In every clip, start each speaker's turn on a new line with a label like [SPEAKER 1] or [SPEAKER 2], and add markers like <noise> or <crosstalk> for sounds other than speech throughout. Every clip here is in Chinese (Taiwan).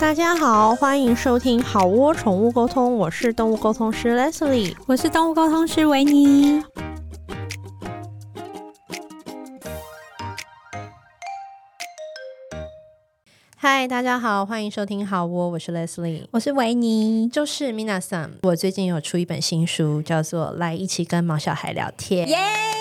[SPEAKER 1] 大家好，歡迎收聽好窩寵物溝通，我是動物溝通師 Leslie，我是動物溝通師維尼。嗨，大家好，歡迎收聽好窩，我是 Leslie，我是維尼，就是 Minna Sam。我最近有出一本新書，叫做《來一起跟毛小孩聊天》。Yeah!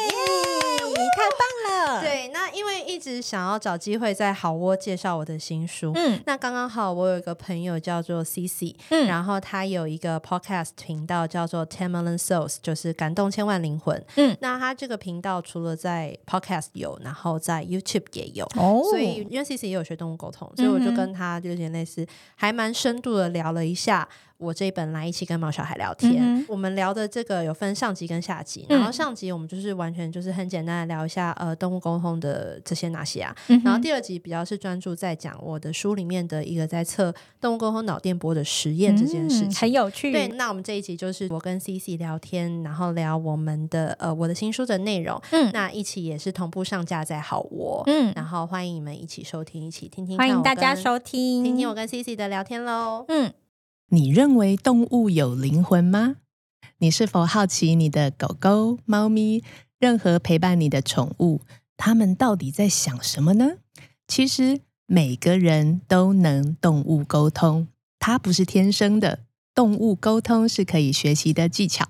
[SPEAKER 1] 一直想要找機會在好窩介紹我的新書，嗯，那剛剛好我有一個朋友叫做 CC，嗯，然後他有一個 podcast 頻道叫做 Ten Million Souls，就是感動千萬靈魂，嗯，那他這個頻道除了在 podcast 有，然後在 YouTube 也有，哦，所以因為 CC 也有學動物溝通，所以我就跟他就有點類似，還蠻深度的聊了一下。我這一本來，一起跟毛小孩聊天，嗯、哼我們聊的這個有分上集跟下集，然後上集，我們就是完全就是很簡單的聊一下呃動物溝通的這些哪些啊，嗯、哼然後第二集比較是專注在講我的書裡面的一個在測動物溝通腦電波的實驗這件事情，嗯、很有趣。對，那我們這一集就是我跟 C C 聊天，然後聊我們的呃我的新書的內容，嗯，那一起也是同步上架在好窩嗯，然後歡迎你們一起收聽，一起聽聽,聽，歡迎大家收聽，聽聽我跟 C C 的聊天嘍，嗯。你認為動物有靈魂嗎？你是否好奇你的狗狗、貓咪，任何陪伴你的寵物，它們到底在想什麼呢？其實每個人都能動物溝通，它不是天生的，動物溝通是可以學習的技巧。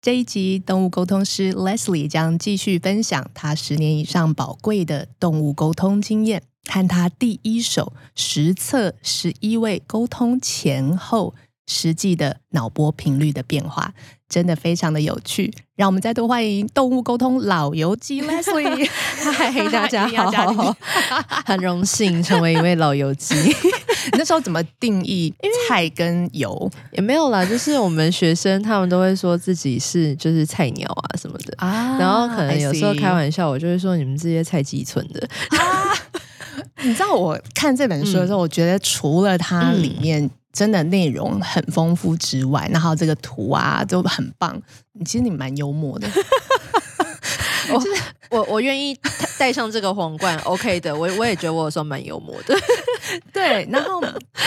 [SPEAKER 1] 這一集動物溝通師 Leslie 將繼續分享她十年以上寶貴的動物溝通經驗。看他第一手，實測十一位溝通前後實際的腦波頻率的變化，真的非常的有趣。讓我們再度歡迎動物溝通老油雞 Leslie。所以 <laughs> 嗨，大家好， <laughs> 很榮幸成為一位老油雞。 <laughs> 那時候怎麼定義菜跟油？嗯，也沒有啦，就是我們學生他們都會說自己是就是菜鳥啊什麼的，啊、然後可能有時候開玩笑，我就會說你們這些菜雞存的。啊 <laughs> 你知道我看這本書的時候，嗯、我覺得除了它裡面真的內容很豐富之外，嗯、然後這個圖啊都很棒。你其實你蠻幽默的，我我我願意戴上這個皇冠 <laughs> ，OK 的。我我也覺得我有時候蠻幽默的， <laughs> 對。然後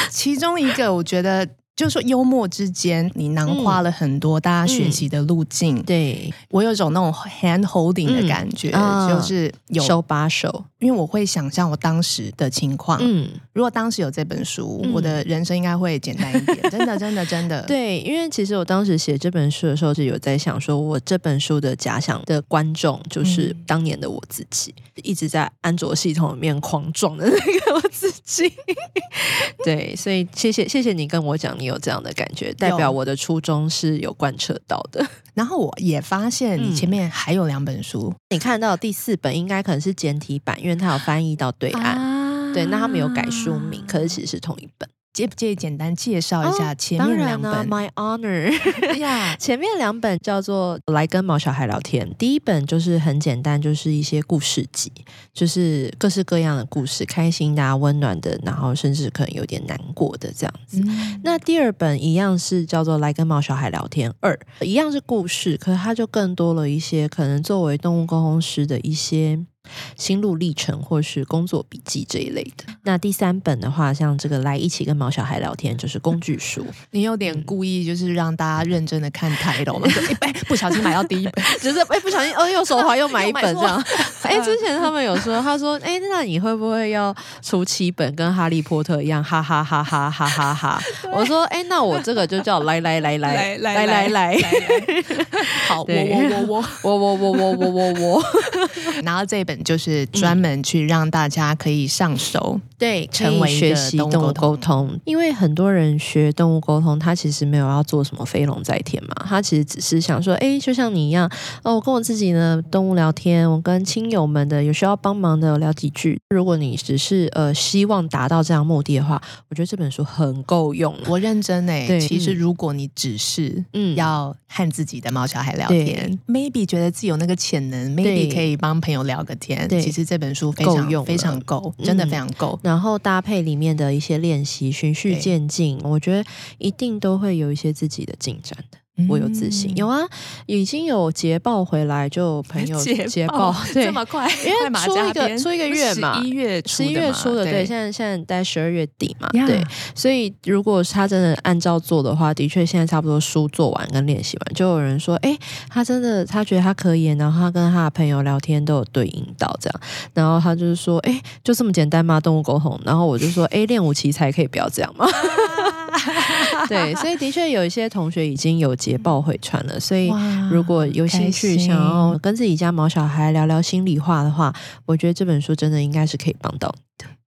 [SPEAKER 1] 其中一個，我覺得。就是說幽默之間，你囊括了很多大家學習的路徑。嗯、對，我有種那種 hand holding 的感覺，嗯、就是有有手把手。因為我會想象我當時的情況。嗯，如果當時有這本書，嗯、我的人生應該會簡單一點。嗯、真的，真的，真的。對，因為其實我當時寫這本書的時候，就有在想，說我這本書的假想的觀眾，就是當年的我自己，嗯、一直在安卓系統裡面狂撞的那個我自己。 <laughs> 對，所以謝謝，謝謝你跟我講。有這樣的感覺，代表我的初衷是有貫徹到的。然後我也發現，你前面還有兩本書，嗯，你看到的第四本應該可能是簡體版，因為它有翻譯到對岸。啊、對，那他們有改書名，可是其實是同一本。介不介意簡單介紹一下前面兩本？My Honor，前面兩本叫做《來跟毛小孩聊天》。第一本就是很簡單，就是一些故事集，就是各式各樣的故事，開心的、啊、溫暖的，然後甚至可能有點難過的這樣子。嗯、那第二本一樣是叫做《來跟毛小孩聊天》二，一樣是故事，可是它就更多了一些，可能作為動物溝通師的一些。心路歷程，或是工作筆記這一類的。那第三本的話，像這個來一起跟毛小孩聊天，就是工具書。你有點故意，就是讓大家認真的看台的。我一本不小心買到第一本，就是哎不小心，哦，又手滑又買一本這樣。哎，之前他們有說，他說哎，那你會不會要出七本，跟哈利波特一樣？哈哈哈哈哈哈哈！我說哎，那我這個就叫來來來來來來來，好，我我我我我我我我我我，然後這一本。就是專門去讓大家可以上手。嗯對，成為學習動物溝通，溝通，因為很多人學動物溝通，他其實沒有要做什麼飛龍在天嘛，他其實只是想說，哎，就像你一樣，哦，我跟我自己呢，動物聊天，我跟親友們的有需要幫忙的聊幾句。如果你只是呃希望達到這樣目的的話，我覺得這本書很夠用啊。我認真，欸、對。其實如果你只是嗯要和自己的毛小孩聊天，maybe 對覺得自己有那個潛能，maybe 對可，可以幫朋友聊個天，對其實這本書非常夠用，非常夠，真的非常夠。嗯，那然後搭配裡面的一些練習，循序漸進，對我覺得一定都會有一些自己的進展的。
[SPEAKER 2] 我有自信，嗯、
[SPEAKER 1] 有啊，已經有捷報回來，就朋友捷報，捷報對，這麼快，因為出一個出一個月嘛，十一月十一月出的，對，現在現在待十二月底嘛，Yeah. 對，所以如果他真的按照做的話，的確現在差不多書做完跟練習完，就有人說，哎，他真的他覺得他可以，然後他跟他的朋友聊天都有對應到這樣，然後他就是說，哎，就這麼簡單嗎？動物溝通？然後我就說，哎，練武奇才可以不要這樣嗎？啊 <laughs> 對，所以的確有一些同學已經有捷報回傳了，所以如果有興趣想要跟自己家毛小孩聊聊心裡話的話，我覺得這本書真的應該是可以幫到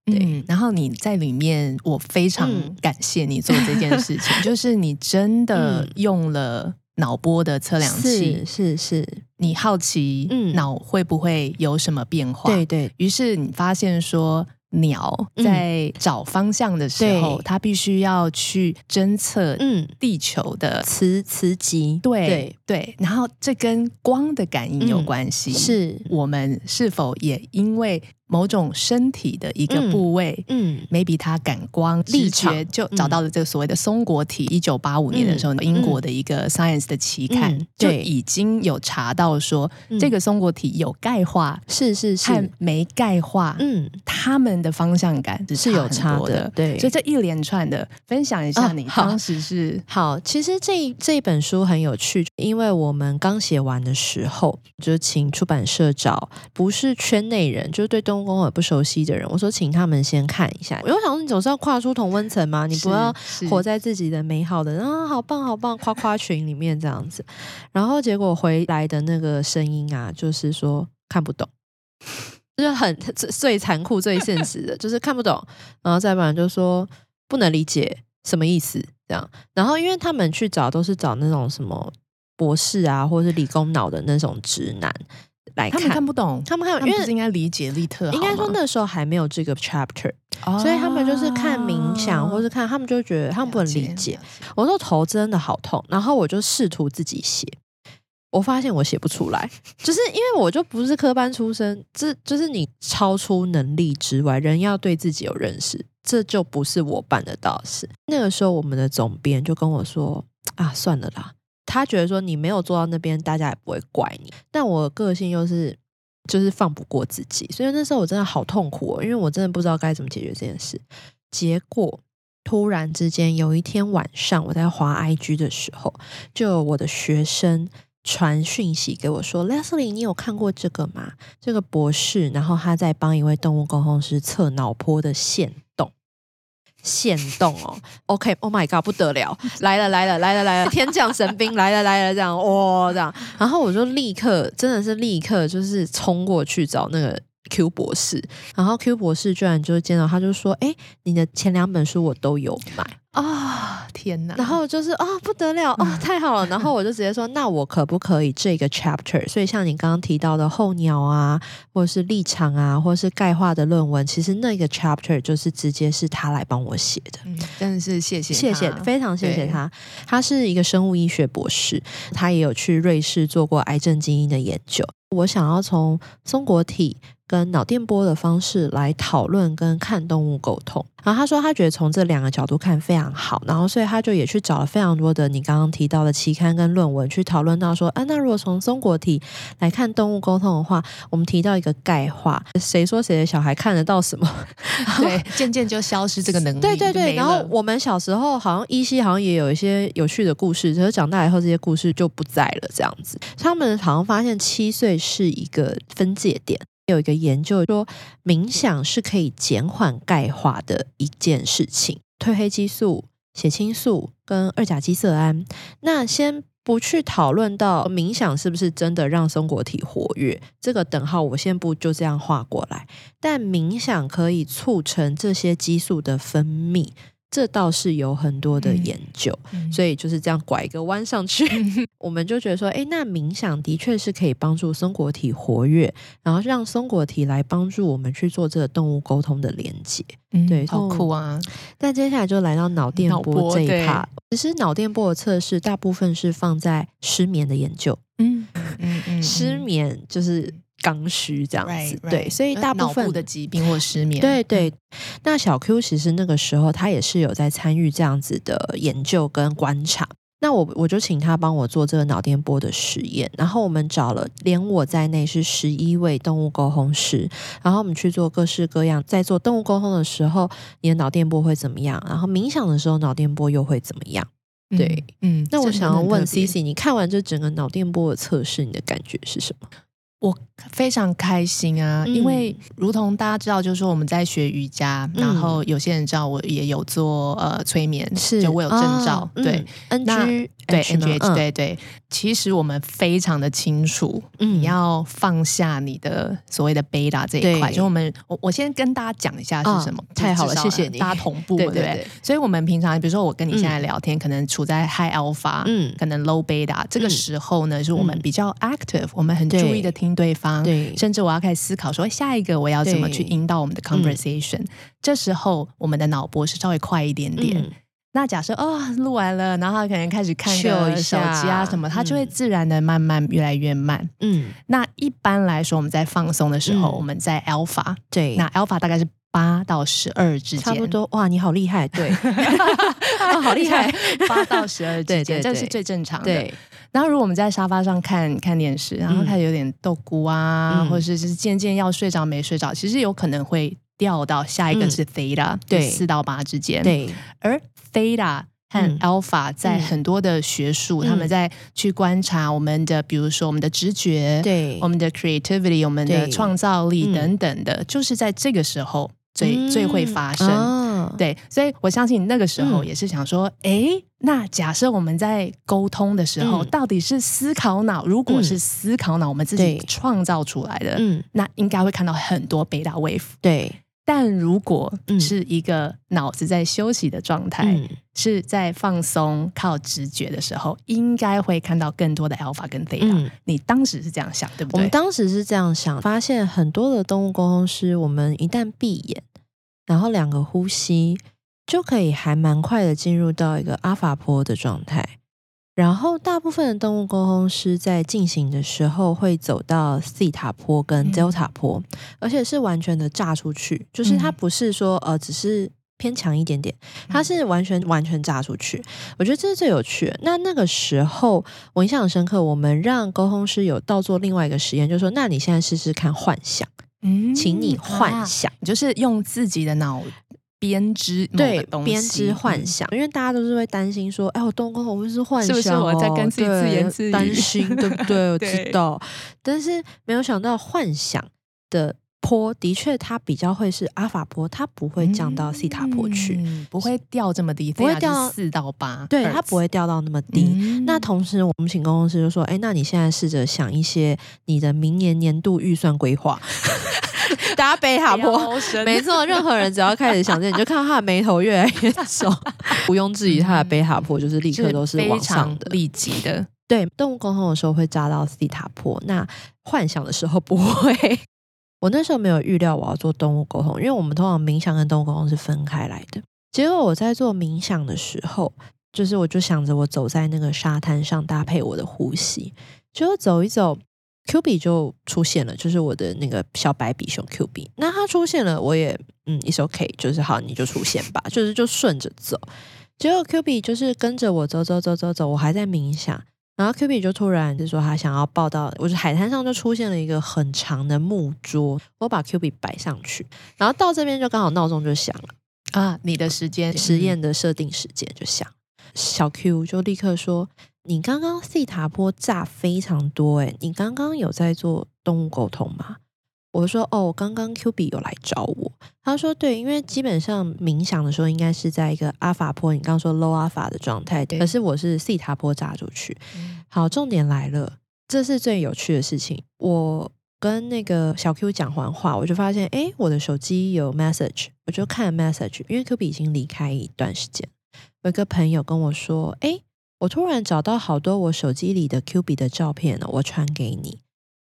[SPEAKER 1] 你的。對，嗯、然後你在裡面，我非常感謝你做這件事情，嗯、就是你真的用了腦波的測量器，是是，是是你好奇腦會不會有什麼變化？對，對，對於是，你發現說。鳥在找方向的時候，嗯、它必須要去偵測地球的磁磁極。對對，對，然後這跟光的感應有關係。嗯、是我們是否也因為？某種身體的一個部位，嗯，maybe 他感光、力覺就找到了這個所謂的松果體。一九八五年的時候，英國的一個 Science 的期刊就已經有查到說，這個松果體有鈣化，是是是，沒鈣化，嗯，他們的方向感是有差的，對。所以這一連串的分享一下，你當時是好。其實這這本書很有趣，因為我們剛寫完的時候就請出版社找，不是圈內人，就是對東。公公也不熟悉的人，我說請他們先看一下。我想說你總是要跨出同溫層嘛，你不要活在自己的美好的啊，好棒好棒誇誇群裡面這樣子。然後結果回來的那個聲音啊，就是說看不懂，就是很最最殘酷、最現實的，就是看不懂。然後再不然就說不能理解什麼意思這樣。然後因為他們去找都是找那種什麼博士啊，或者是理工腦的那種直男。來看他們看不懂，他們看因為們是應該理解力特好。應該說那時候還沒有這個 chapter，oh，所以他們就是看冥想，或是看他們就覺得他們不能理解。了解，我說頭真的好痛，然後我就試圖自己寫，我發現我寫不出來， <laughs> 就是因為我就不是科班出身，這就是你超出能力之外，人要對自己有認識，這就不是我辦得到的事。那個時候，我們的總編就跟我說：“啊，算了啦。”他覺得說你沒有做到那邊，大家也不會怪你。但我個性又是，就是放不過自己，所以那時候我真的好痛苦，哦，因為我真的不知道該怎麼解決這件事。結果突然之間，有一天晚上我在滑 IG 的時候，就有我的學生傳訊息給我說 <noise> ：“Leslie，你有看過這個嗎？這個博士，然後他在幫一位動物溝通師測腦波的限動。”限動哦，OK，Oh my god，不得了，來了來了來了來了，天降神兵 <laughs> 來了來了這樣哇、哦、這樣，然後我就立刻真的是立刻就是衝過去找那個。Q 博士，然後 Q 博士居然就見到他，就說：“哎、欸，你的前兩本書我都有買啊、哦！”天哪，然後就是啊、哦、不得了啊、嗯哦，太好了！然後我就直接說：“ <laughs> 那我可不可以這個 chapter？” 所以像你剛剛提到的候鳥啊，或是立場啊，或是鈣化的論文，其實那個 chapter 就是直接是他來幫我寫的、嗯。真的是謝謝他謝謝，非常謝謝他對。他是一個生物醫學博士，他也有去瑞士做過癌症基因的研究。我想要從松果體跟腦電波的方式來討論跟看動物溝通，然後他說他覺得從這兩個角度看非常好，然後所以他就也去找了非常多的你剛剛提到的期刊跟論文去討論到說啊，那如果從松果體來看動物溝通的話，我們提到一個鈣化，誰說誰的小孩看得到什麼？對，然後漸漸就消失這個能力。對對對。了然後我們小時候好像依稀好像也有一些有趣的故事，只是長大以後這些故事就不在了。這樣子，他們好像發現七歲是一個分界點。有一個研究說，冥想是可以減緩鈣化的一件事情。褪黑激素、血清素跟二甲基色胺。那先不去討論到冥想是不是真的讓松果體活躍，這個等號我先不就這樣畫過來。但冥想可以促成這些激素的分泌。這倒是有很多的研究，嗯、所以就是這樣拐一個彎上去，嗯、 <laughs> 我們就覺得說，誒，那冥想的確是可以幫助松果體活躍，然後讓松果體來幫助我們去做這個動物溝通的連接。嗯，對，好酷啊、哦！但接下來就來到腦電波這一趴。其實腦電波的測試大部分是放在失眠的研究。嗯嗯嗯，嗯嗯 <laughs> 失眠就是。剛需這樣子 right, right. 對，所以大部分、呃、腦部的疾病或失眠對對。那小 Q 其實那個時候他也是有在參與這樣子的研究跟觀察。那我我就請他幫我做這個腦電波的實驗。然後我們找了連我在內是十一位動物溝通師。然後我們去做各式各樣，在做動物溝通的時候，你的腦電波會怎麼樣？然後冥想的時候，腦電波又會怎麼樣？嗯、對，嗯。那我想要問 CC，你看完這整個腦電波的測試，你的感覺是什麼？我。非常開心啊，因為如同大家知道，就是說我們在學瑜伽，然後有些人知道我也有做呃催眠，是，就我有證照，對，N G H，對，N G H，對對，其實我們非常的清楚，你要放下你的所謂的 beta 這一塊，就我們我我先跟大家講一下是什麼，太好了，謝謝你，大家同步，對不對？所以我們平常比如說我跟你現在聊天，可能處在 high alpha，可能 low beta，這個時候呢，就是我們比較 active，我們很注意的聽對方。啊，對，甚至我要開始思考說，下一個我要怎麼去引導我們的 conversation？嗯、這時候我們的腦波是稍微快一點點。嗯、那假設啊、哦，錄完了，然後可能開始看手機啊什麼，他、嗯、就會自然的慢慢越來越慢。嗯，那一般來說，我們在放鬆的時候，嗯、我們在 alpha。對，那 alpha 大概是八到十二之間，差不多哇！你好厲害，對，好厲害，八到十二之間，這是最正常的。對，然後，如果我們在沙发上看看電視，然後他有點豆鼓啊，或者是就是漸漸要睡着沒睡着，其實有可能會掉到下一個是 Theta，對，四到八之間。對，而 Theta 和 Alpha 在很多的學術，他們在去觀察我們的，比如說我們的直覺，對，我們的 Creativity，我們的創造力等等的，就是在這個時候。最最會發生，嗯啊、對，所以我相信那個時候也是想說，哎、嗯，那假設我們在溝通的時候，嗯、到底是思考腦？如果是思考腦，我們自己創造出來的，嗯，那應該會看到很多貝塔 wave。對，但如果是一個腦子在休息的狀態，嗯、是在放鬆、靠直覺的時候，應該會看到更多的 alpha 跟 theta，你當時是這樣想，對不對？我們當時是這樣想，發現很多的動物溝通師，我們一旦閉眼。然後兩個呼吸就可以，還蠻快的進入到一個阿法波的狀態。然後大部分的動物溝通師在進行的時候，會走到西塔波跟德爾塔波。嗯、而且是完全的炸出去，就是它不是說呃只是偏強一點點，它是完全完全炸出去。我覺得這是最有趣的。那那個時候我印象很深刻，我們讓溝通師有到做另外一個實驗，就是說，那你現在試試看幻想。嗯，請你幻想，啊、就是用自己的腦編織，對，編織幻想。嗯、因為大家都是會擔心說：“哎、欸，我冬哥，我不是幻想、哦，是不是我在跟自己自言自語？對、擔心，對不對？ <laughs> 對，我知道，但是沒有想到幻想的。波的確，它比較會是阿法波，它不會降到西塔波去，嗯、是不會掉這麼低，不會掉四到八，到對，它不會掉到那麼低。嗯、那同時，我們請工程師就說：“哎、欸，那你現在試着想一些你的明年年度預算規劃， <laughs> 打貝塔波， <laughs> 沒錯。任何人只要開始想這， <laughs> 你就看到他的眉頭越來越皺。 <laughs> <laughs> 不用質疑，他的貝塔波就是立刻都是往上的，立即的。對，動物溝通的時候會扎到西塔波，那幻想的時候不會。”我那時候沒有預料我要做動物溝通，因為我們通常冥想跟動物溝通是分開來的。結果我在做冥想的時候，就是我就想着我走在那個沙灘上，搭配我的呼吸，結果走一走，Q 比就出現了，就是我的那個小白比熊 Q 比。那它出現了，我也嗯，it's okay，就是好你就出現吧，就是就順着走。結果 Q 比就是跟着我走走走走走，我還在冥想。然後 Q 比就突然就說他想要抱到，我就海灘上就出現了一個很長的木桌，我把 Q 比擺上去，然後到這邊就剛好鬧鐘就響了啊，你的時間實驗的設定時間就響，小 Q 就立刻說，你剛剛西塔波炸非常多誒、欸，你剛剛有在做動物溝通嗎？我說哦，剛剛 QB 有來找我。他說：“對，因為基本上冥想的時候，應該是在一個阿法波，你剛剛說 low 阿法的狀態。對。可是我是西塔波扎出去。嗯、好，重點來了，這是最有趣的事情。我跟那個小 Q 講完話，我就發現，哎，我的手機有 message，我就看 message。因為 QB 已經離開一段時間，有一個朋友跟我說，哎，我突然找到好多我手機裡的 QB 的照片呢，我傳給你。”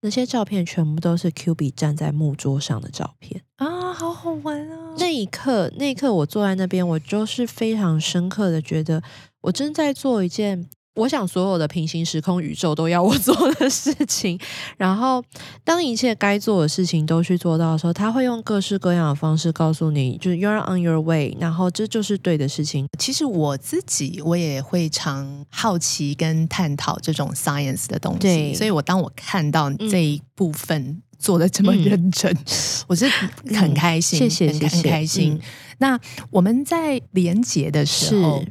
[SPEAKER 1] 那些照片全部都是 Q 比站在木桌上的照片啊，好好玩啊、哦！那一刻，那一刻我坐在那邊，我就是非常深刻的覺得，我正在做一件。我想所有的平行時空宇宙都要我做的事情，然後當一切該做的事情都去做到的時候，他會用各式各樣的方式告訴你，就是 you're on your way，然後這就是對的事情。其實我自己我也會常好奇跟探討這種 science 的東西，對所以，我當我看到這一部分做得這麼認真，嗯、 <laughs> 我是很開心，嗯、謝謝，謝謝很開心。嗯、那我們在連接的時候。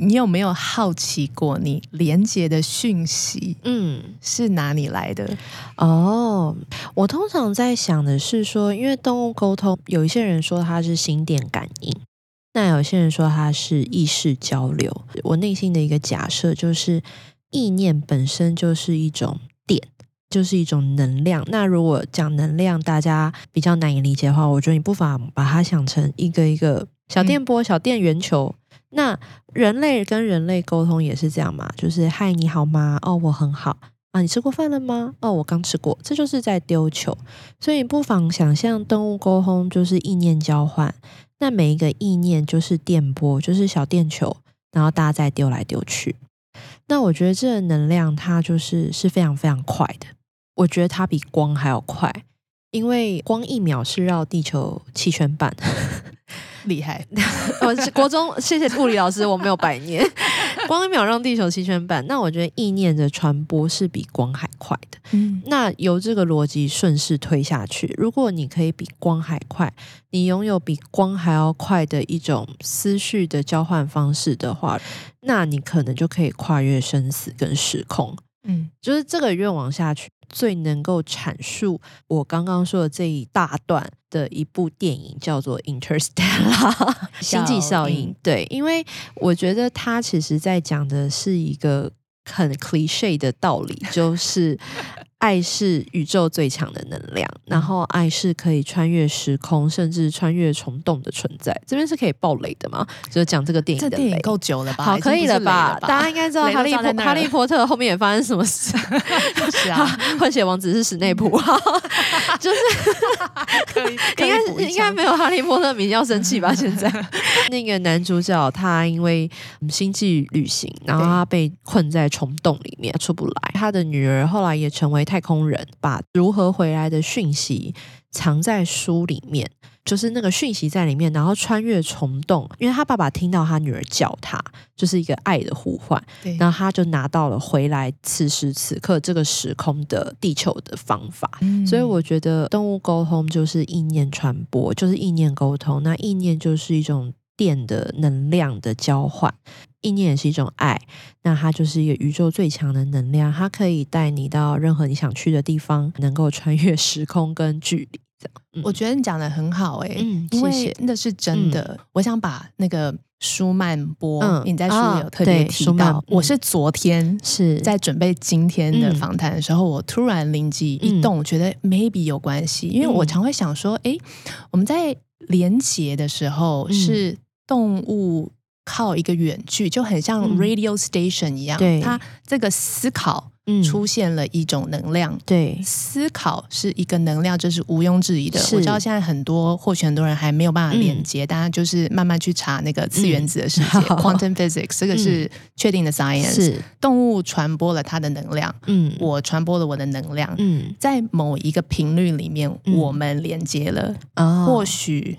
[SPEAKER 1] 你有沒有好奇過，你連接的訊息，嗯，是哪裡來的？哦，我通常在想的是說，因為動物溝通，有一些人說它是心電感應，那有些人說它是意識交流。我內心的一個假設就是，意念本身就是一種電，就是一種能量。那如果講能量，大家比較難以理解的話，我覺得你不妨把它想成一個一個、嗯、小電波、小電圓球。那人類跟人類溝通也是這樣嘛？就是嗨，你好嗎？哦，我很好。啊，你吃過飯了嗎？哦，我剛吃過。這就是在丟球。所以不妨想象動物溝通就是意念交換。那每一個意念就是電波，就是小電球，然後大家再丟來丟去。那我覺得這能量它就是是非常非常快的。我覺得它比光還要快，因為光一秒是繞地球七圈半。 <laughs> 厲害！ <laughs> 國中，謝謝物理老師，我沒有白念。光一秒讓地球七圈半，那我覺得意念的傳播是比光還快的。嗯，那由這個邏輯順勢推下去，如果你可以比光還快，你擁有比光還要快的一種思緒的交換方式的話，那你可能就可以跨越生死跟時空。嗯，就是這個願望下去最能夠闡述我剛剛說的這一大段的一部電影叫做《Interstellar》叫 星際效應。 <noise> 對，因為我覺得它其實在講的是一個很 cliche 的道理，就是。 <laughs> 愛是宇宙最強的能量，然後愛是可以穿越時空，甚至穿越蟲洞的存在。這邊是可以爆雷的嘛？就是、講這個電影的。這個電影夠久了吧？好，可以了吧？大家應該知道哈利波特，哈利波特後面也發生什麼事？是啊，混血王子是史內普。 <laughs> <laughs> 就是，可以應該該應該沒有哈利波特迷要生氣吧？現在 <laughs> 那個男主角他因為星際旅行，然後他被困在蟲洞裡面對出不來，他的女兒後來也成為。太空人把如何回來的訊息藏在書裡面，就是那個訊息在裡面，然後穿越蟲洞。因為他爸爸聽到他女兒叫他，就是一個愛的呼喚，對然後他就拿到了回來此時此刻這個時空的地球的方法。嗯。所以我覺得動物溝通就是意念傳播，就是意念溝通。那意念就是一種電的能量的交換。意念也是一種愛，那它就是一個宇宙最強的能量，它可以帶你到任何你想去的地方，能夠穿越時空跟距離。嗯、我覺得你講的很好、欸，哎，嗯，謝謝，因為那是真的。嗯、我想把那個舒曼波，嗯、你在書裡有特別提到，哦、對我是昨天、嗯、是在準備今天的訪談的時候，我突然靈機一動，嗯、覺得 maybe 有關係，因為我常會想說，哎、欸，我們在連結的時候、嗯、是動物。靠一個遠距就很像 radio station 一樣，它這個思考出現了一種能量。對，思考是一個能量，這是毋庸置疑的。我知道現在很多或許很多人還沒有辦法連接，大家就是慢慢去查那個次原子的世界 （quantum physics）。這個是確定的 science。動物傳播了它的能量，嗯，我傳播了我的能量，嗯，在某一個頻率裡面，我們連接了，或許。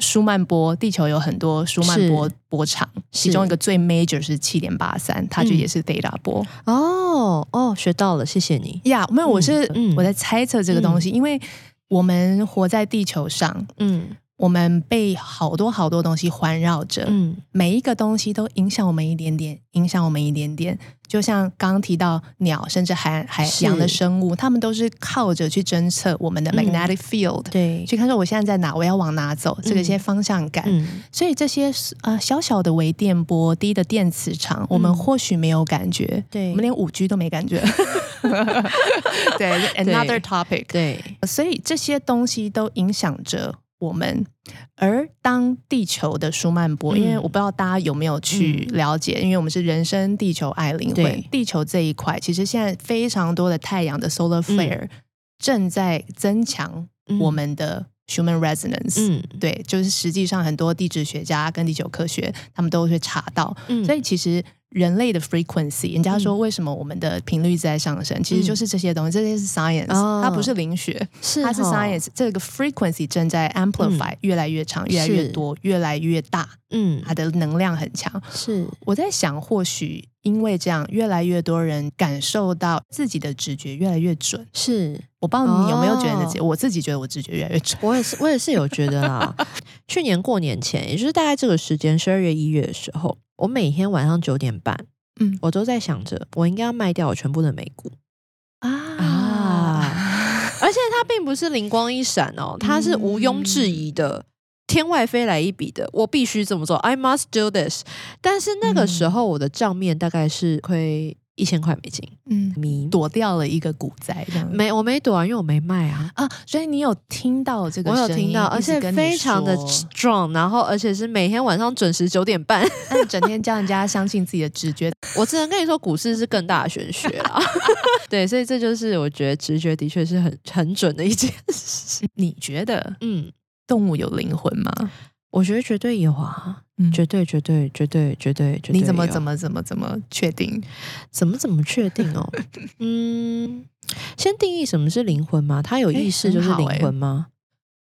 [SPEAKER 1] 舒曼波，地球有很多舒曼波是波長，其中一個最 major 是七點八三，它就也是 theta 波。嗯、哦哦，學到了，謝謝你呀。Yeah, 嗯、沒有，我是、嗯、我在猜測這個東西，嗯、因為我們活在地球上，嗯，我們被好多好多東西環繞着，嗯，每一個東西都影響我們一點點，影響我們一點點。就像剛剛提到鳥，甚至海海洋的生物，是它們都是靠着去偵測我們的 magnetic field，嗯、對，去看說我現在在哪，我要往哪走，這個一些方向感。嗯、所以這些、呃、小小的微電波、低的電磁場，嗯、我們或許沒有感覺，對，我們連五 G 都沒感覺。 <laughs> <laughs> 對，another topic。對，所以這些東西都影響着。我們，而當地球的舒曼波，嗯、因為我不知道大家有沒有去了解，嗯、因為我們是人生地球愛靈魂，對地球這一塊，其實現在非常多的太陽的 solar flare，嗯、正在增強我們的 human resonance，嗯。對，就是實際上很多地質學家跟地球科學，他們都會查到。嗯、所以其實。人類的 frequency，人家說，為什麼我們的頻率在上升，其實就是這些東西，這些是 science，它不是靈學，它是 science。這個 frequency 正在 amplify，越來越長，越來越多，越來越大，嗯，它的能量很強。是我在想，或許因為這樣，越來越多人感受到自己的直覺越來越準。是我不知道你有沒有覺得自己，我自己覺得我直覺越來越準。我也是，我也是有覺得啊。去年過年前，也就是大概這個時間，十二月、一月的時候。我每天晚上九點半，嗯、我都在想着我應該要賣掉我全部的美股啊,啊 <laughs> 而且它並不是靈光一閃哦，它是毋庸置疑的、嗯、天外飛來一筆的，我必須這麼做，I must do this。但是那個時候我的賬面大概是虧。嗯一千塊美金，嗯，躲掉了一個股災，這樣沒？我沒躲啊，因為我沒賣啊啊！所以你有聽到這個聲音？我有聽到，而且非常的 strong，然後而且是每天晚上準時九點半。整天教人家相信自己的直覺？ <laughs> 我只能跟你說，股市是更大的玄學啊。 <laughs> 對，所以這就是我覺得直覺的確是很很準的一件事。你覺得？嗯，動物有靈魂嗎？我覺得絕對有啊，嗯、絕對、絕對、絕對、絕對、絕對。你怎麼怎麼怎麼怎麼確定？怎麼怎麼確定哦？ <laughs> 嗯，先定義什麼是靈魂嘛？它有意識就是靈魂嗎？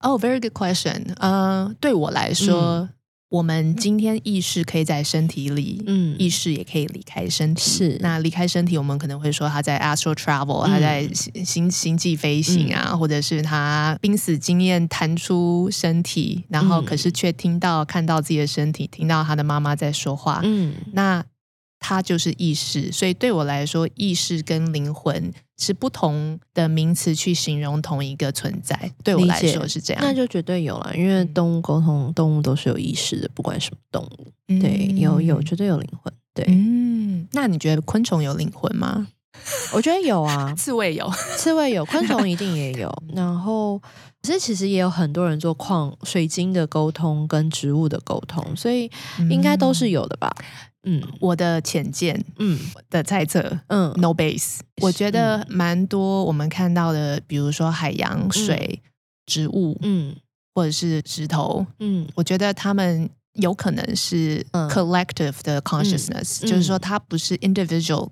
[SPEAKER 1] 哦、欸欸 oh，very good question。呃，對我來說。嗯我們今天意識可以在身體裡，嗯，意識也可以離開身體。是，那離開身體，我們可能會說他在 astral travel，嗯、他在星星星際飛行啊，嗯、或者是他瀕死經驗彈出身體，嗯、然後可是卻聽到看到自己的身體，聽到他的媽媽在說話。嗯，那。它就是意識，所以對我來說，意識跟靈魂是不同的名詞，去形容同一個存在。對我來說是這樣，那就絕對有了。因為動物溝通，動物都是有意識的，不管什麼動物，嗯、對，有有絕對有靈魂。對，嗯，那你覺得昆蟲有靈魂嗎？我覺得有啊， <laughs> 刺蝟有，刺蝟有，昆蟲一定也有。 <laughs> 然後，可是其實也有很多人做礦水晶的溝通跟植物的溝通，所以應該都是有的吧。嗯嗯，我的淺見，嗯，的猜測，嗯，no base，是我覺得蠻多我們看到的，嗯、比如說海洋、水、嗯、植物，嗯，或者是石頭，嗯，我覺得他們，有可能是 collective 的 consciousness，就是說它不是 individual，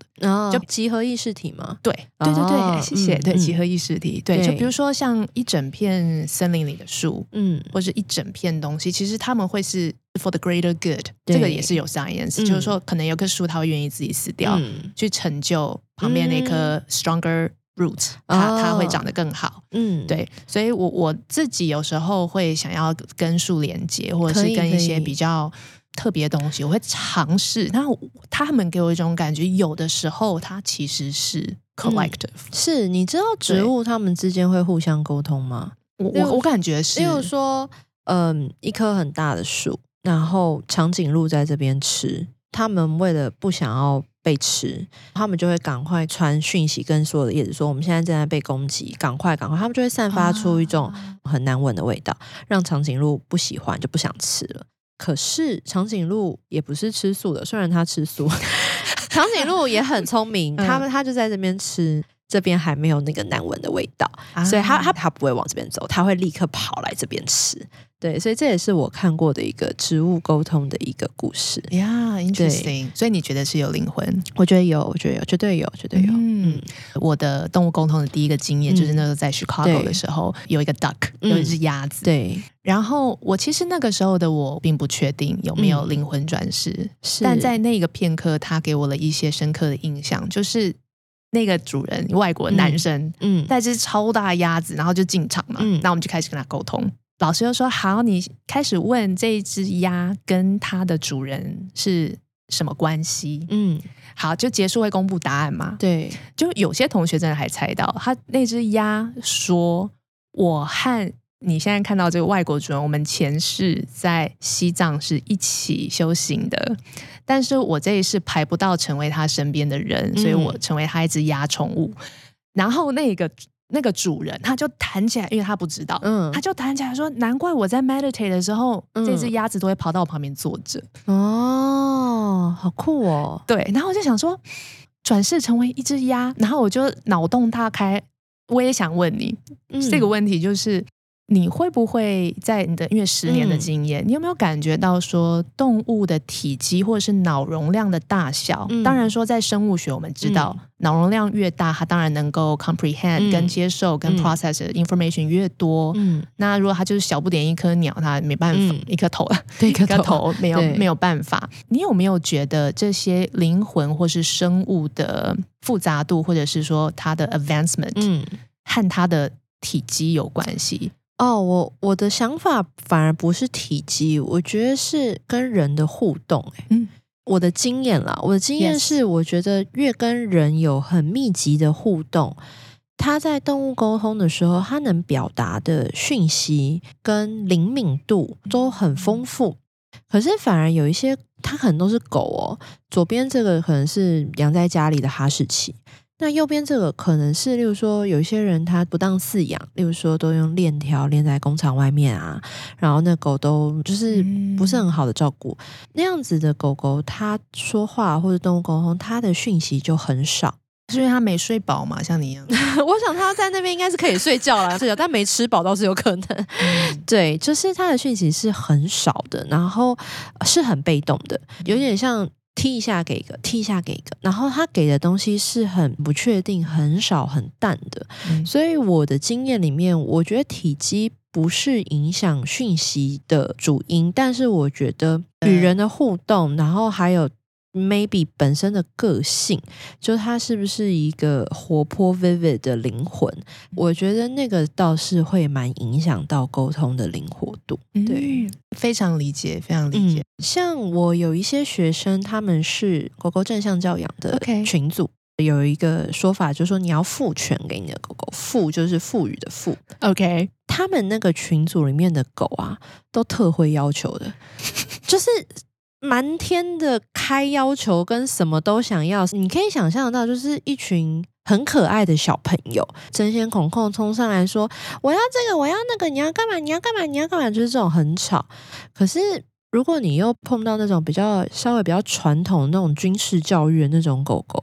[SPEAKER 1] 就集合意識體嘛？對，對對對，謝謝。對，集合意識體。對，就比如說像一整片森林裡的樹，嗯，或者一整片東西，其實他們會是 for the greater good。這個也是有 science，就是說可能有棵樹它會願意自己死掉，去成就旁邊那棵 stronger。Root，它、哦、它會長得更好。嗯，對，所以我，我我自己有時候會想要跟樹連接，或者是跟一些比較特別的東西，我會嘗試。那他們給我一種感覺，有的時候它其實是 collective、嗯。是你知道植物對它們之間會互相溝通嗎？我我我感覺是，比如說，嗯，一棵很大的樹，然後長頸鹿在這邊吃。他們為了不想要被吃，他們就會趕快傳訊息跟所有的葉子說：“我們現在正在被攻擊，趕快趕快！”他們就會散發出一種很難聞的味道，讓長頸鹿不喜歡就不想吃了。可是長頸鹿也不是吃素的，雖然它吃素， <laughs> 長頸鹿也很聰明， <laughs> 他們他就在這邊吃。這邊還沒有那個難聞的味道，啊、所以他他，他不會往這邊走，他會立刻跑來這邊吃。對，所以這也是我看過的一個植物溝通的一個故事。呀，Yeah，interesting 對。所以你覺得是有靈魂？我覺得有，我覺得有，絕對有，絕對有。嗯，嗯我的動物溝通的第一個經驗就是那個在 Chicago 的時候，嗯、有一個 duck，有一隻鴨子。對，然後我其實那個時候的我並不確定有沒有靈魂轉世，嗯，但在那個片刻，它給我了一些深刻的印象，就是。那個主人，外國男生，嗯，嗯帶隻超大鴨子，然後就進場嘛，那、嗯、我們就開始跟他溝通。老師又說：“好，你開始問這一只鴨跟它的主人是什麼關係。”嗯，好，就結束會公布答案嘛？對，就有些同學真的還猜到，他那只鴨說：“我和”你現在看到這個外國主人，我們前世在西藏是一起修行的，但是我這一世排不到成為他身邊的人，所以我成為他一只鴨寵物。嗯、然後那個那個主人他就彈起來，因為他不知道，嗯，他就彈起來說，難怪我在 meditate 的時候，嗯、這只鴨子都會跑到我旁邊坐着。哦，好酷哦，對。然後我就想說，轉世成為一只鴨，然後我就腦洞大開。我也想問你、嗯、這個問題，就是。你會不會在你的因為十年的經驗，嗯、你有沒有感覺到說動物的體積或者是腦容量的大小？嗯、當然說在生物學我們知道，嗯、腦容量越大，它當然能夠 comprehend、跟接受、跟 process information 越多。嗯、那如果它就是小不點一顆鳥，它沒辦法、嗯、一顆頭， <laughs> 一顆頭對沒有沒有辦法。你有沒有覺得這些靈魂或是生物的複雜度，或者是說它的 advancement，嗯，和它的體積有關係？哦，我我的想法反而不是體積，我覺得是跟人的互動欸。誒，嗯，我的經驗啦，我的經驗是，我覺得越跟人有很密集的互動，它在動物溝通的時候，它能表達的訊息跟靈敏度都很豐富。可是反而有一些，它可能都是狗哦。左邊這個可能是養在家裡的哈士奇。那右邊這個可能是，例如說有一些人他不當飼養，例如說都用鏈條鏈在工廠外面啊，然後那狗都就是不是很好的照顧，嗯、那樣子的狗狗它說話或者動物溝通它的訊息就很少，是因為它沒睡飽嘛，像你一樣， <laughs> 我想它在那邊應該是可以睡覺了，睡覺，但沒吃飽倒是有可能。嗯、對，就是它的訊息是很少的，然後是很被動的，有點像。踢一下給一個，踢一下給一個，然後他給的東西是很不確定、很少、很淡的，嗯、所以我的經驗裡面，我覺得體積不是影響訊息的主因，但是我覺得與人的互動，欸、然後還有。Maybe 本身的個性，就它是不是一個活潑、vivid 的靈魂？我覺得那個倒是會蠻影響到溝通的靈活度。對、嗯，非常理解，非常理解、嗯。像我有一些學生，他們是狗狗正向教養的群組，Okay. 有一個說法就是說，你要賦權給你的狗狗，賦就是賦予的賦。OK，他們那個群組裡面的狗啊，都特會要求的， <laughs> 就是。滿天的開要求跟什麼都想要，你可以想象到，就是一群很可愛的小朋友爭先恐後衝上來說：“我要這個，我要那個，你要幹嘛？你要幹嘛？你要幹嘛？”就是這種很吵。可是如果你又碰到那種比較稍微比較傳統的那種軍事教育的那種狗狗，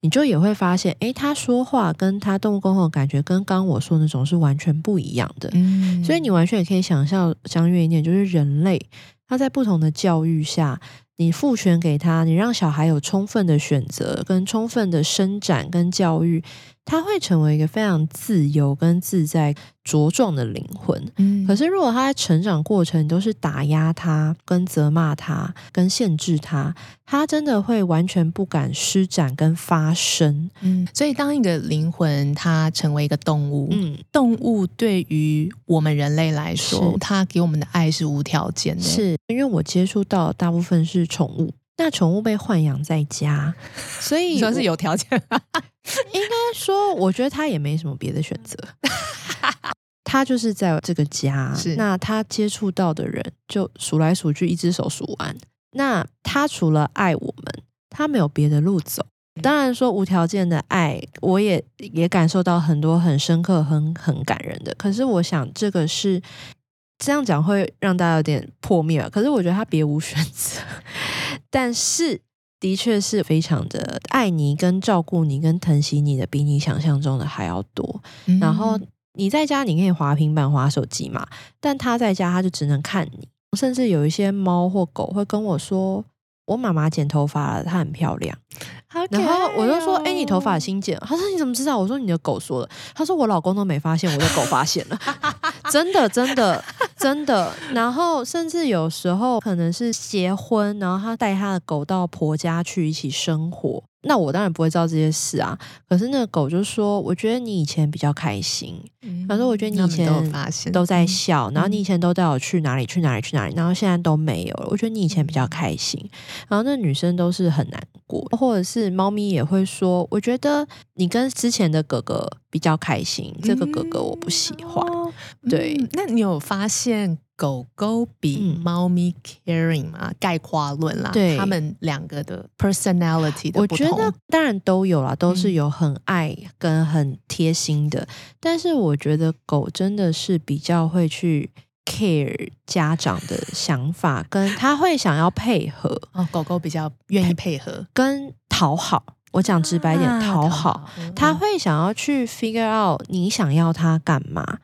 [SPEAKER 1] 你就也會發現，哎、欸，它說話跟它動物溝通的感覺跟剛剛我說的那種是完全不一樣的。嗯、所以你完全也可以想象相約一點，就是人類。他在不同的教育下，你賦權給他，你讓小孩有充分的選擇，跟充分的伸展，跟教育。他會成為一個非常自由跟自在茁壯的靈魂，嗯，可是如果他在成長過程都是打壓他、跟責罵他、跟限制他，他真的會完全不敢施展跟發聲，嗯，所以當一個靈魂它成為一個動物，嗯，動物對於我們人類來說，是它給我們的愛是無條件的，是因為我接觸到大部分是寵物。那寵物被豢養在家，所以算是有條件。應該說，我覺得他也沒什麼別的選擇，他就是在這個家。是那他接觸到的人，就數來數去，一隻手數完。那他除了愛我們，他沒有別的路走。當然說無條件的愛，我也也感受到很多很深刻、很很感人的。可是我想，這個是這樣講會讓大家有點破滅了。可是我覺得他別無選擇。但是，的確是非常的愛你、跟照顧你、跟疼惜你的，比你想象中的還要多。嗯、然後你在家你可以滑平板、滑手機嘛，但他在家他就只能看你。甚至有一些貓或狗會跟我說：“我媽媽剪頭髮了，她很漂亮。”哦、然後我就說：“哎、欸，你頭髮新剪。”他說：“你怎麼知道？”我說：“你的狗說了。”他說：“我老公都沒發現，我的狗發現了。” <laughs> 真的，真的，真的。然後甚至有時候可能是結婚，然後他帶他的狗到婆家去一起生活。那我當然不會知道這些事啊。可是那個狗就說：“我覺得你以前比較開心，反正、嗯、我覺得你以前都在笑，然後你以前都帶我去哪裡去哪裡去哪裡，然後現在都沒有了。我覺得你以前比較開心。嗯”然後那女生都是很難過，或者是貓咪也會說：“我覺得你跟之前的哥哥比較開心，嗯、這個哥哥我不喜歡。嗯”對、嗯，那你有發現？狗狗比貓咪 caring 啊，嗯、概括論啦，對他們兩個的 personality 的不同，我覺得當然都有啦，都是有很愛跟很貼心的，嗯、但是我覺得狗真的是比較會去 care 家長的想法， <laughs> 跟他會想要配合，哦、狗狗比較願意配合跟討好。我講直白一點，啊、討好，嗯、他會想要去 figure out 你想要他幹嘛。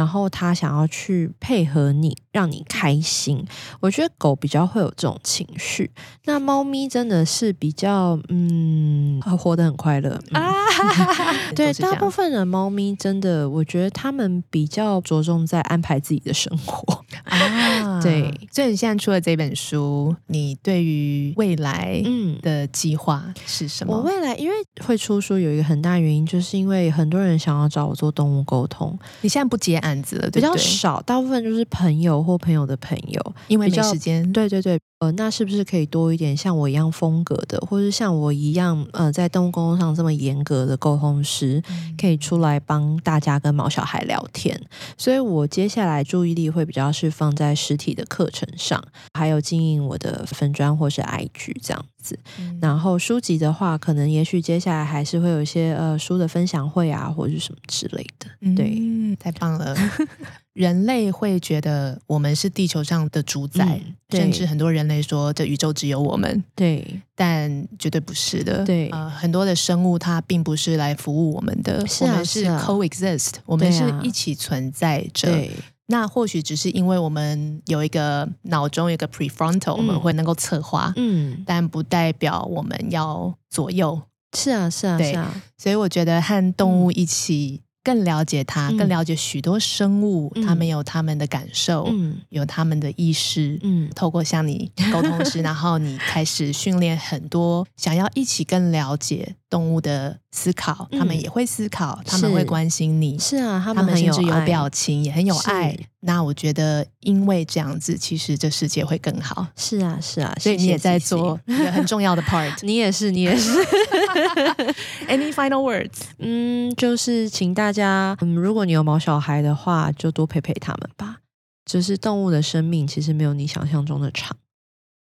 [SPEAKER 1] 然後他想要去配合你，讓你開心。我覺得狗比較會有這種情緒，那貓咪真的是比較嗯，活得很快樂、嗯、啊。 <laughs> 對，大部分的貓咪真的，我覺得他們比較着重在安排自己的生活啊。對，所以你現在出了這本書，你對於未來嗯的計劃是什麼？嗯、我未來因為會出書，有一個很大原因，就是因為很多人想要找我做動物溝通。你現在不接案？樣子比較少，對，對大部分就是朋友或朋友的朋友，因為沒時間。對對對，呃，那是不是可以多一點像我一樣風格的，或是像我一樣，呃，在動物溝通上這麼嚴格的溝通師，嗯，可以出來幫大家跟毛小孩聊天？所以我接下來注意力會比較是放在實體的課程上，還有經營我的粉專或是 IG 這樣。然後書籍的話，可能也許接下來還是會有一些呃書的分享會啊，或者是什麼之類的。嗯、對，太棒了！ <laughs> 人類會覺得我們是地球上的主宰，嗯、甚至很多人類說這宇宙只有我們。對，但絕對不是的。對、呃，很多的生物它並不是來服務我們的，啊、我們是 coexist，啊、我們是一起存在着。對那或許只是因為我們有一個腦中有一個 prefrontal，嗯、我們會能夠策劃，嗯，但不代表我們要左右。是啊，是啊，對啊。所以我覺得和動物一起更了解它，嗯、更了解許多生物，他、嗯、們有他們的感受，嗯、有他們的意識。嗯，透過向你溝通時， <laughs> 然後你開始訓練很多，想要一起更了解。動物的思考，他們也會思考，嗯，他們會關心你。是啊，他們很有表情，也很有愛，是愛。那我覺得，因為這樣子，其實這世界會更好。是啊，是啊，謝謝，所以你也在做很重要的 part。 <laughs> 你也是，你也是。 <laughs> Any final words? 嗯，就是請大家，嗯，如果你有毛小孩的話，就多陪陪他們吧。就是動物的生命其實沒有你想象中的長，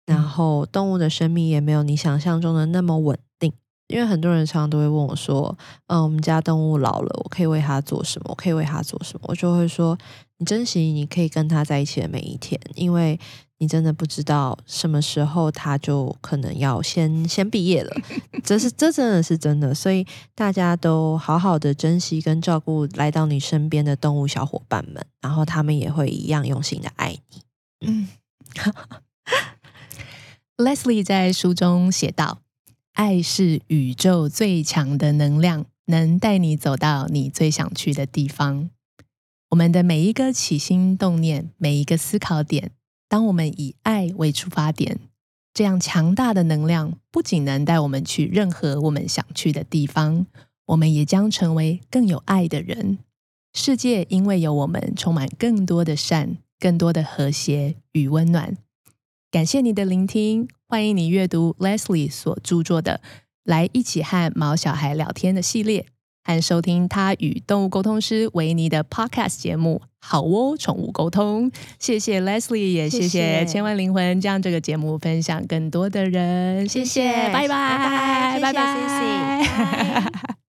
[SPEAKER 1] 然後動物的生命也沒有你想象中的那麼穩定。因為很多人常常都會問我說：“嗯，我們家動物老了，我可以為它做什麼？我可以為它做什麼？”我就會說：“你珍惜，你可以跟它在一起的每一天，因為你真的不知道什麼時候它就可能要先先畢業了。這是這真的是真的，所以大家都好好的珍惜跟照顧來到你身邊的動物小伙伴們，然後他們也會一樣用心的愛你。嗯”嗯 <laughs> ，Leslie 在書中寫道。愛是宇宙最強的能量，能帶你走到你最想去的地方。我們的每一個起心動念，每一個思考點，當我們以愛為出發點，這樣強大的能量不僅能帶我們去任何我們想去的地方，我們也將成為更有愛的人。世界因為有我們，充滿更多的善、更多的和諧與溫暖。感謝你的聆聽。歡迎你閱讀 Leslie 所著作的《來一起和毛小孩聊天》的系列，和收聽他與動物溝通師維尼的 Podcast 節目《好窩哦寵物溝通》。謝謝 Leslie，也謝謝，謝，謝千萬靈魂將這個節目分享更多的人。謝謝，謝謝拜拜，謝謝拜拜，謝謝拜拜，謝謝。拜拜 <laughs>